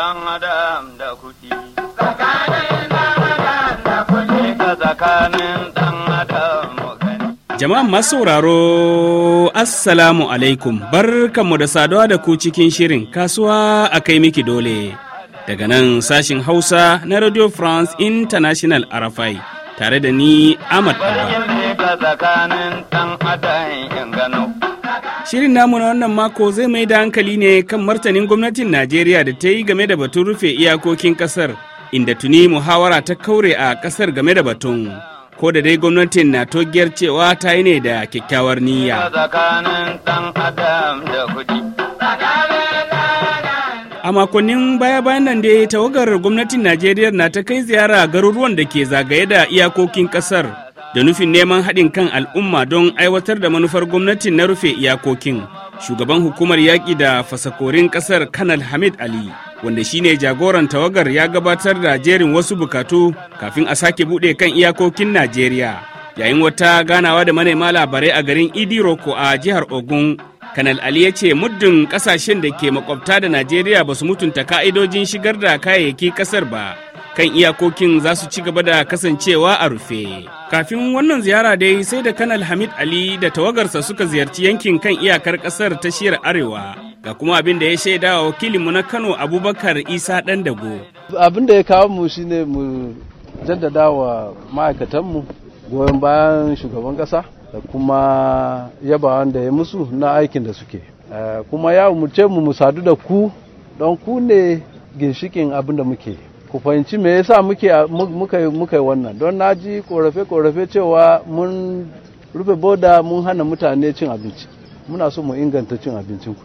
dan adam da kuɗi. jama'an masu sauraro Assalamu alaikum barkanmu da saduwa da ku cikin shirin kasuwa a kai miki dole daga nan sashin Hausa na Radio France International RFI tare da ni Ahmad Abba. Shirin namu na wannan mako zai mai da hankali ne kan martanin gwamnatin Najeriya da ta yi game da batun rufe iyakokin kasar, inda tuni muhawara ta kaure a kasar game da batun. Ko da dai gwamnatin na togiyar cewa ta yi ne da kyakkyawar niyya. A makonnin baya-bayan nan dai tawagar gwamnatin Najeriya na ta kai ziyara garuruwan da ke zagaye da iyakokin kasar. da nufin neman haɗin kan al'umma don aiwatar da manufar gwamnatin na rufe iyakokin shugaban hukumar yaƙi da fasakorin ƙasar kanal hamid ali wanda shine jagoran tawagar ya gabatar da jerin wasu bukatu kafin a sake buɗe kan iyakokin najeriya yayin wata ganawa da manema labarai a garin idiroko a jihar ogun kanal ali ya ce muddin ƙasashen da ke makwabta da najeriya ba su mutunta ka'idojin shigar da kayayyaki ƙasar ba kan iyakokin za su ci gaba da kasancewa a rufe. Kafin wannan ziyara dai sai da kanal Hamid Ali da tawagarsa suka ziyarci yankin kan iyakar kasar ta shiyar Arewa. Ga kuma abin da ya shaida wa wakilinmu na Kano Abubakar Isa ɗan dago. Abin da ya kawo mu shine mu jaddada wa ma'aikatanmu goyon bayan shugaban ƙasa da kuma yaba wanda ya musu na aikin da suke. Eh, kuma ya mu mu mu sadu da ku don ku ne ginshikin abin da muke. ku fahimci me yasa muke muka muka wannan don na ji korafe korafe cewa mun rufe boda mun hana mutane cin abinci muna so mu inganta cin abincin ku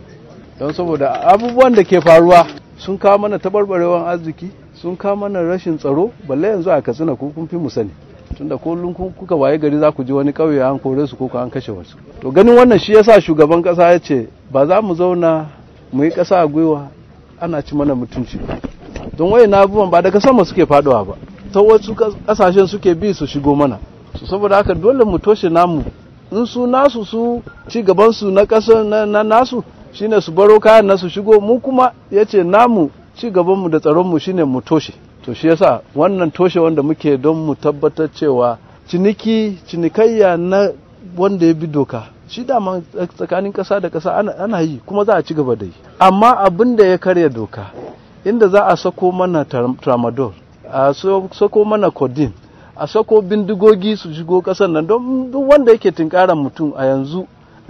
don saboda abubuwan da ke faruwa sun kawo mana tabarbarewan arziki sun kawo mana rashin tsaro balle yanzu a katsina ko kun fi mu sani tunda kullum kuka waye gari za ku ji wani ƙauye an kore su ko an kashe wasu to ganin wannan shi yasa shugaban ƙasa ya ce ba za mu zauna mu yi ƙasa a gwiwa ana ci mana mutunci don wayan abubuwan ba daga sama suke faduwa ba ta wasu kasashen suke bi su shigo mana su saboda haka dole mu toshe namu in su nasu su ci gabansu na kasa na nasu shine su baro kayan nasu shigo mu kuma yace namu ci gabanmu da tsaronmu shine mu toshe to shi yasa wannan toshe wanda muke don mu tabbatar cewa ciniki cinikayya na wanda ya bi doka shi dama tsakanin kasa da kasa ana yi kuma za a ci gaba da yi amma abin da ya karya doka inda za a sako mana tramadol a sako mana codeine a sako bindigogi su shigo kasan nan don duk wanda yake tinkaran mutum a yanzu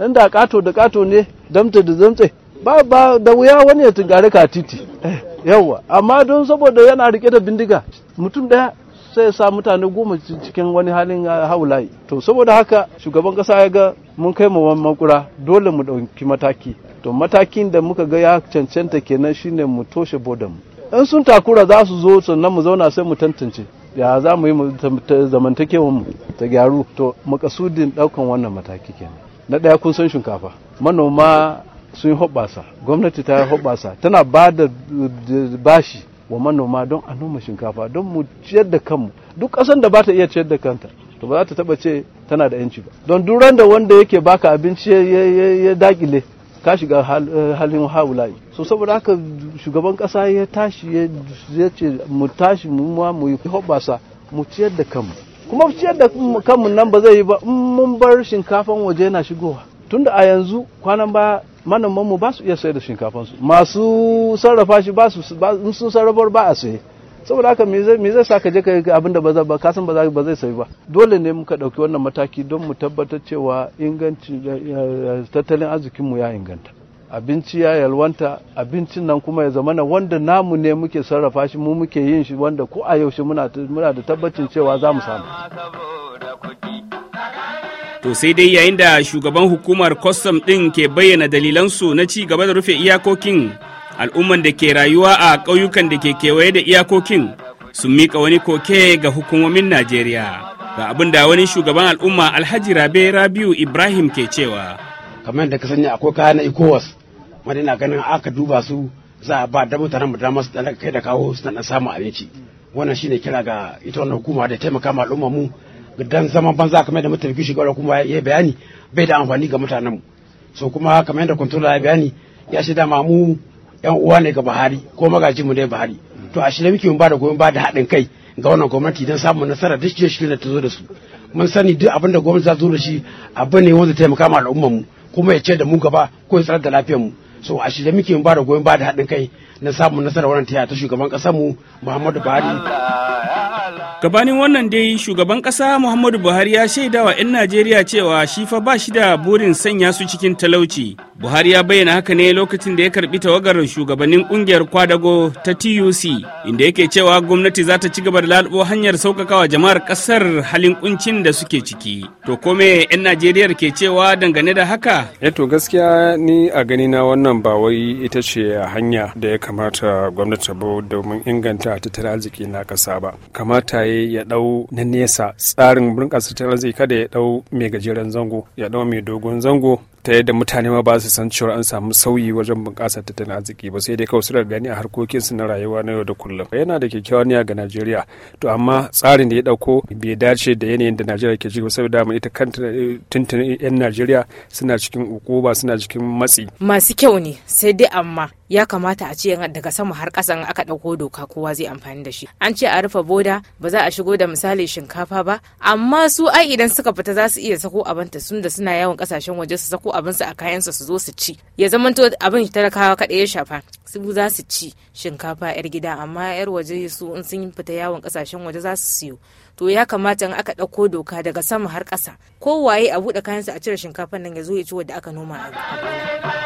inda kato da kato ne damta da damtse ba ba da wuya wani ya tinkari ka titi eh, yawa amma don saboda yana rike da bindiga mutum daya sai sa mutane goma cikin wani halin ah, haulayi to saboda haka shugaban kasa ya ga mun kai mu makura dole mu ɗauki mataki to matakin da muka ga ya cancanta kenan shine mu toshe bodan in sun takura za su zo sannan mu zauna sai mu tantance ya za mu yi zamantakewar mu ta gyaru to makasudin daukan wannan mataki kenan na daya kun san shinkafa manoma sun hoɓasa gwamnati ta hoɓasa tana ba da bashi wa manoma don a noma shinkafa don mu ciyar da kanmu duk ƙasar da ba ta iya ciyar da kanta to ba za ta taba ce tana da yanci ba don duran da wanda yake baka abinci ya dakile ka shiga eh, halin haulayi so saboda haka shugaban kasa ya tashi ya ce mu tashi mu ma mu yi hobasa mu ciyar da kanmu kuma ciyar da kanmu nan ba zai yi ba mun bar shinkafan waje yana shigowa tunda a yanzu kwanan baya manomanmu ba su iya sayar da shinkafansu masu sarrafa shi ba su sun sarrafar ba a saye saboda haka me zai sa ka je ka abin da ba zai ba kasan ba zai sayi ba dole ne muka ɗauki wannan mataki don mu tabbatar cewa inganci eh, eh, tattalin mu ya inganta abinci ya yalwanta abincin nan kuma ya zamana wanda namu ne muke sarrafa shi mu muke yin shi wanda ko a yaushe muna da tabbacin cewa za mu samu To sai dai yayin da shugaban hukumar kwastam din ke bayyana dalilan su na ci gaba da rufe iyakokin al'umman da ke rayuwa a ƙauyukan da ke kewaye da iyakokin sun miƙa wani koke ga hukumomin najeriya ga abin da wani shugaban al'umma alhaji rabe rabiu ibrahim ke cewa kamar yadda ka sani akwai kaya na ecowas wani ina ganin aka duba su za a ba da mutanen mu damar su da kai da kawo su na samun abinci wannan shine kira ga ita wannan hukuma da taimaka ma al'umma mu dan zaman banza kamar yadda mutum shugaban hukuma ya bayani bai da amfani ga mutanen mu so kuma kamar yadda controller ya bayani ya shi dama mu yan uwa ne ga Buhari ko magajin mu ne Buhari to a shirye muke mun ba da goyon ba da haɗin kai ga wannan gwamnati don samun nasara duk shirye ta zo da su mun sani duk abin da gwamnati za zo da shi abu ne wanda taimaka ma al'ummar mu kuma ya ce da mu gaba ko ya tsara da lafiyar mu so a shirye muke mun ba da goyon ba da haɗin kai na samun nasara wannan taya ta shugaban ƙasar mu Muhammadu Buhari gabanin wannan dai shugaban kasa muhammadu buhari ya shaidawa 'yan najeriya cewa shi fa ba shi da burin sanya su cikin talauci buhari ya bayyana haka ne lokacin da ya karbi tawagar shugabannin kungiyar kwadago ta tuc inda yake cewa gwamnati za ta ci gaba da lalubo hanyar sauƙaƙawa jama'ar kasar halin kuncin da suke ciki to kome 'yan najeriya ke cewa dangane da haka eh to gaskiya ni a gani na wannan ba wai ita ce hanya da ya kamata gwamnati ta domin inganta tattalin arziki na ƙasa ba kamata kamata ya dau na nesa tsarin bunƙasa tattalin arziki kada ya dau mai gajeren zango ya dau mai dogon zango ta yadda mutane ma ba su san cewa an samu sauyi wajen bunƙasa tattalin arziki ba sai dai kawai suna gani a harkokin su na rayuwa na yau da kullum yana da kyakkyawan niyya ga Najeriya to amma tsarin da ya dauko bai dace da yanayin da Najeriya ke ciki saboda mu ita kanta eh, tuntun yan Najeriya suna cikin ukuba suna cikin matsi masu kyau ne sai dai amma ya kamata a ce daga sama har kasan aka ɗauko doka kowa zai amfani da shi an ce a rufe boda ba za a shigo da misali shinkafa ba amma su ai idan suka fita za su iya sako ta sun da suna yawon kasashen waje su sako su a kayan su zo su ci ya zamanto abin talakawa kaɗai ya shafa su za su ci shinkafa yar gida amma yar waje su in sun fita yawon kasashen waje za su siyo to ya kamata in aka ɗauko doka daga sama har ƙasa kowaye a buɗe kayansa a cire shinkafan nan ya zo ya ci wadda aka noma a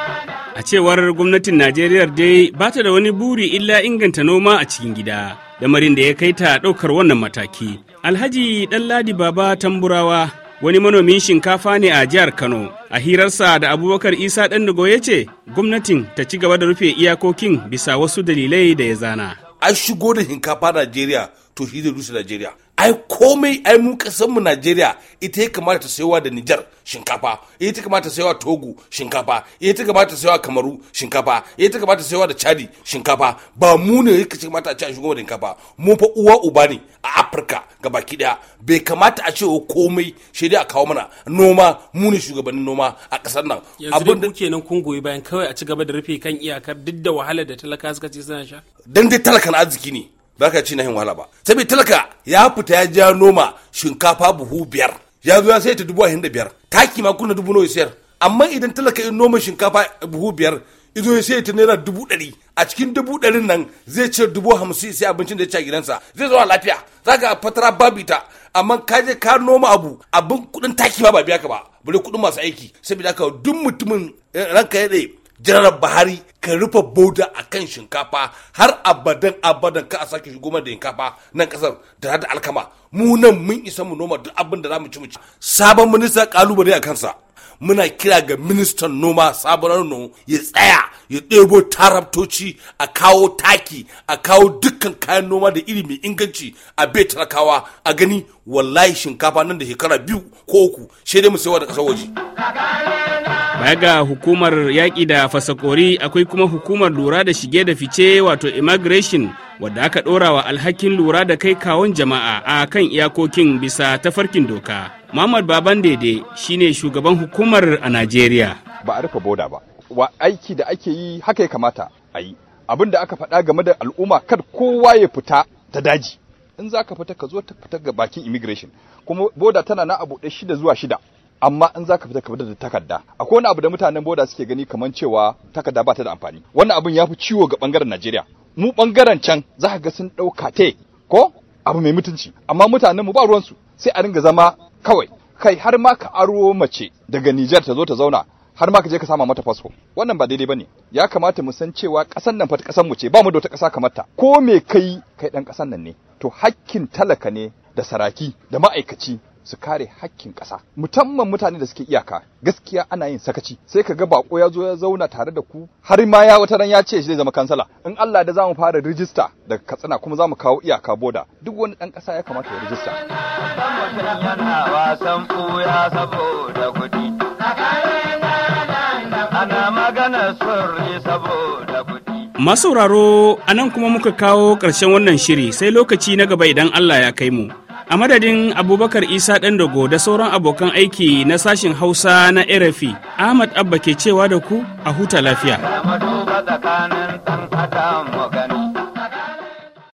A cewar gwamnatin Najeriya dai ba ta da wani buri illa inganta noma a cikin gida, lamarin da ya kai ta ɗaukar wannan mataki. Alhaji Ɗanladi Baba Tamburawa wani manomin shinkafa ne a jihar Kano. A hirarsa da Abubakar Isa ɗan ya ce, gwamnatin ta ci gaba da rufe iyakokin bisa wasu dalilai da ya zana. an shigo da shinkafa Najeriya to shi zai rushe Najeriya ai komai ai mun kasan mu Najeriya ita ya kamata ta da nijar shinkafa ita kamata ta Togo shinkafa ita kamata ta Kamaru shinkafa ita kamata ta da Chadi shinkafa ba mu ne ya kamata a ci a shigo da shinkafa mu fa uwa uba ne a Afirka gabaki daya bai kamata a ce komai shi dai a kawo mana noma mu ne shugabannin noma a kasar nan yanzu da kuke nan kun goyi bayan kawai a ci gaba da rufe kan iyakar duk da wahalar da talaka suka ce suna sha dan dai talakan arziki ne ba ka ci na hin wahala ba saboda talaka ya fita ya ja noma shinkafa buhu biyar ya zo ya sai ta dubu ahin da biyar taki ma kuna dubu nawa sayar amma idan talaka in noma shinkafa buhu biyar izo ya sai ta naira dubu ɗari a cikin dubu ɗarin nan zai ce dubu hamsin sai abincin da ya ci a gidansa zai zo a lafiya za ka fatara babita amma ka je ka noma abu abin kuɗin taki ma ba biya ka ba bari kuɗin masu aiki saboda ka duk mutumin eh, ranka ya ɗaya janar buhari ka rufe boda a kan shinkafa har abadan abadan ka a sake shigo da yankafa nan kasar da da alkama mu nan mun isa mu noma duk abin da za mu ci mu ci sabon minista kalubale a kansa muna kira ga ministan noma sabon nono ya tsaya ya ɗebo tarabtoci a kawo taki a kawo dukkan kayan noma da iri mai inganci a bai talakawa a gani wallahi shinkafa nan da shekara biyu ko uku shaidai mu sayawa da ƙasar waje. Baya ga hukumar yaƙi da fasakori akwai kuma hukumar lura da shige da fice wato immigration wadda aka ɗora wa alhakin lura da kai kawon jama'a a kan iyakokin bisa tafarkin doka. Muhammad Baban daidai shine shugaban hukumar a Najeriya. Ba a rufe boda ba. Wa aiki da ake yi haka ya kamata a yi. Abin da aka faɗa game da al'umma kar kowa ya fita ta daji. In za ka fita ka zo ta fita ga bakin immigration. Kuma boda tana na abu ɗaya shida zuwa shida. amma in zaka fita ka fita da takarda akwai wani abu da mutanen boda suke gani kamar cewa takarda ba ta da amfani wannan abun ya fi ciwo ga bangaren Najeriya mu bangaren can za ka ga sun ɗauka te ko abu mai mutunci amma mutanen mu ba ruwansu sai a ringa zama kawai kai har ma ka aro mace daga Nijar ta zo ta zauna har ma ka je ka sama mata fasfo wannan ba daidai bane ya kamata mu san cewa ƙasan nan fa ƙasan mu ce ba mu da wata ƙasa kamar ta ko me kai kai ɗan ƙasan nan ne to hakkin talaka ne da saraki da ma'aikaci su kare hakkin ƙasa musamman mutane da suke iyaka gaskiya ana yin sakaci sai ka ga bako ya zo ya zauna tare da ku har ma ya wata ran ya ce zai zama kansala in Allah da zamu fara rijista daga Katsina kuma zamu kawo iyaka boda duk wani dan ƙasa ya kamata ya rijista Masauraro, a nan kuma muka kawo ƙarshen wannan shiri sai lokaci na gaba idan Allah ya kai mu. A madadin Abubakar Isa Dandago da sauran abokan aiki na sashen Hausa na RFI, Ahmad Abba ke cewa da ku a huta lafiya.